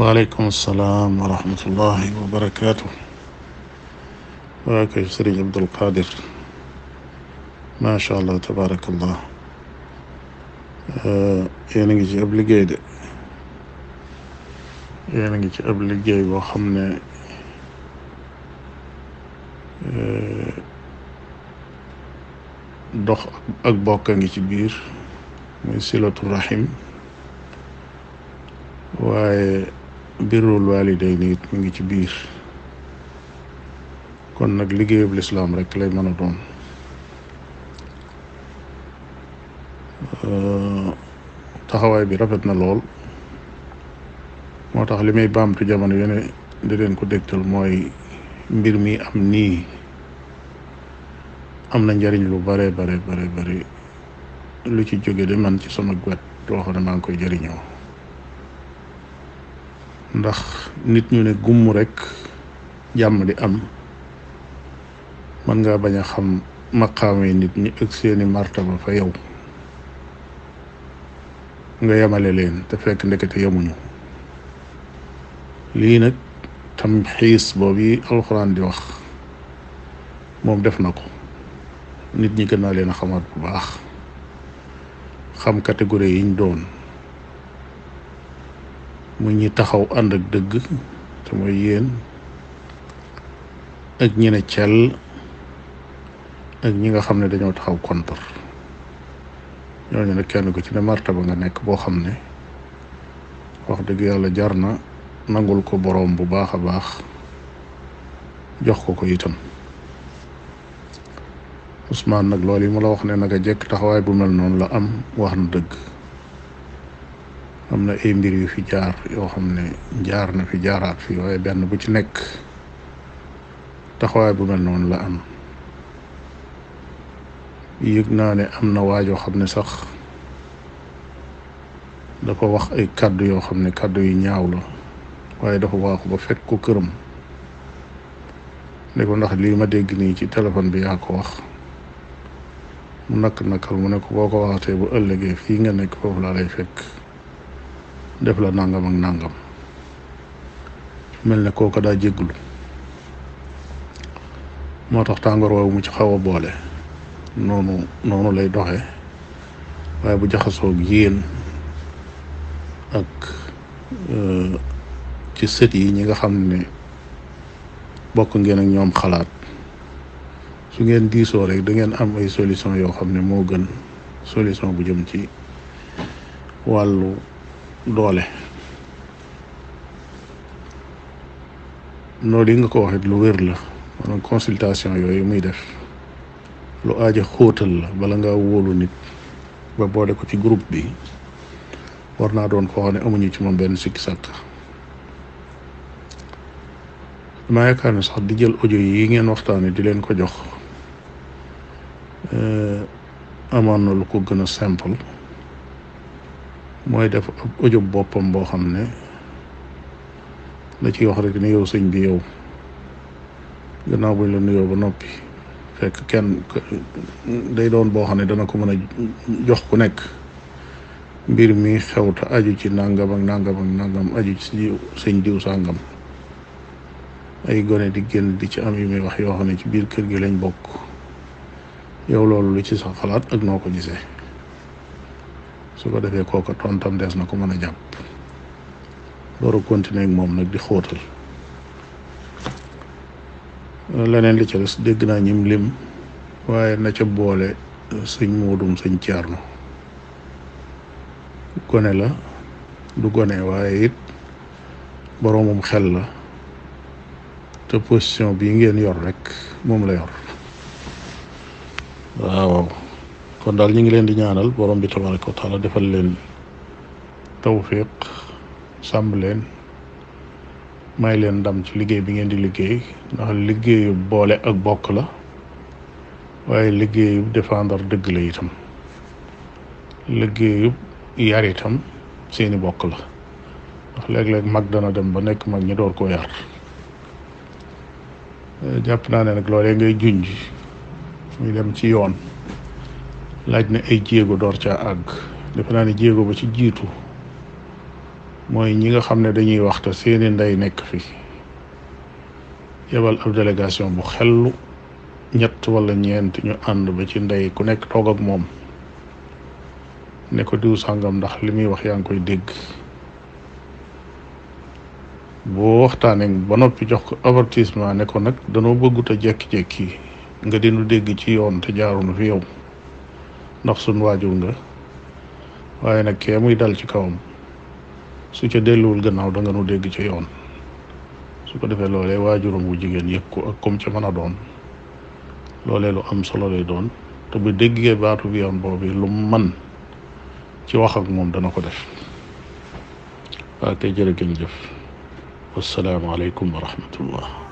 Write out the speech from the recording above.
وعليكم السلام ورحمة الله وبركاته وياك يسري عبد القادر ما شاء الله تبارك الله آه، يعني جي قبل جيد يعني جي قبل جيد وخمنا آه، دخ أكبر كان جي بير من سلطة الرحيم وعليكم birrul waalidayni mu ngi ci biir kon nag liggéeyub lislaam rek lay mën a doon taxawaay bi rafet na lool moo tax li may baamtu jamono yene di ko dégtal mooy mbir mi am nii am na njariñ lu bare bare bare bare lu ci jóge de man ci sama wet loo xam ne maa ngi koy jariñoo ndax nit ñu ne gumm rekk jàmm di am mën ngaa bañ a xam maqaamee nit ñi ak seeni martaba fa yow nga yemale leen te fekk ndekete yemuñu lii nag tam xiis boobu yi alxuraan di wax moom def na ko nit ñi gën naa leen a xamaat bu baax xam catégorie yiñ doon mu ñi taxaw ànd ak dëgg te yéen ak ñi ne cell ak ñi nga xam ne dañoo taxaw contre ñooñu nag kenn ku ci ne martaba nga nekk boo xam ne wax dëgg yàlla jar na nangul ko boroom bu baax a baax jox ko ko itam Ousmane nag loolu yi mu la wax ne naka jekk taxawaay bu mel noonu la am wax na dëgg amna ay mbir yu fi jaar yo xamne jaar na fi jaaraat fi waaye ben bu ci nek taxaway bu mel non la am yëg na ne amna waajo xamne sax dafa wax ay kàddu yo xamne kàddu yu ñaaw la waaye dafa wax ba fek ko kërëm ne ko ndax li ma dégg nii ci téléphone bi yaa ko wax mu nakk nakkal mu ne ko boo ko waxatee bu ëllëgee fii nga nekk foofu laa lay fekk def la nangam ak nangam mel ne kooka daa jégglu moo tax tàngoor woowu mu ci xaw a boole noonu noonu lay doxe waaye bu jaxasoog yéen ak euh, ci sët yi ñi nga xam ne bokk ngeen ak ñoom xalaat su ngeen diisoo rek da ngeen am ay solution yoo xam ne moo gën solution bu jëm ci wàllu doole noonu li nga ko waxee lu wér la maanaam consultation yooyu muy def lu aaja xóotal la bala ngaa wóolu nit ba boole ko ci groupe bi war naa doon koo xam ne amuñu ci moom benn sikki sàkk maa yaakaar ne sax di jël audio yi ngeen waxtaane di leen ko jox euh, amoon na lu ko gën a simple mooy def ak ujub boppam boo xam ne la ciy wax rek ne yow sëñ bi yow gannaaw buñ la nuyoo ba noppi fekk kenn day doon boo xam ne dana ko mën a jox ku nekk mbir mi xew te aju ci nangam ak nangam ak nangam aju ci sëñ diw sàngam ay gone di génn di ci am yu muy wax yoo xam ne ci biir kër gi lañ bokk yow loolu lu ci sa xalaat ak noo ko gisee su ko defee kooka tontam des na ko mën a jàpp loolu continuer moom nag di xóotal leneen li ca des dégg naa ñim lim waaye na ca boole euh, sëñ moodum sëñ Ceerno gone la du gone waaye it boroomum xel la te position bi ngeen yor rek moom la yor waaw kon daal ñu ngi leen di ñaanal borom bi tabaraka wa taala defal leen tawfiq sàmb leen may leen ndam ci liggéey bi ngeen di liggéey ndax liggéeyu boole ak bokk la waaye liggéeyu défendre dëgg la itam liggéeyu yar itam seeni bokk la ndax léeg-léeg mag dana dem ba nekk mag ñi door koo yar jàpp naa ne nag loole ngay junj muy dem ci yoon laaj na ay jéego door caa àgg defe naa ne jéego ba ci jiitu mooy ñi nga xam ne dañuy waxta seeni ndey nekk fi yebal ab délégation bu xellu ñett walla ñeent ñu ànd ba ci ndey ku nekk toog ak moom ne ko diw sàngam ndax li muy wax yaa ngi koy dégg boo waxtaanee ba noppi jox ko avertissement ne ko nag danoo bëggut a jekki-jekki nga dinu dégg ci yoon te jaarunu fi yow ndax suñ waajur nga waaye nag kee muy dal ci kawam su ca delluwul gannaaw da nga nu dégg ci yoon su ko defee loolee waajuram wu jigéen yëg ko ak comme ca mën a doon loolee lu am solo lay doon te bu déggee baatu bi yoon boobu lu man ci wax ak moom dana ko def waa kay jërë ngeen jëf wassalaamu aleykum wa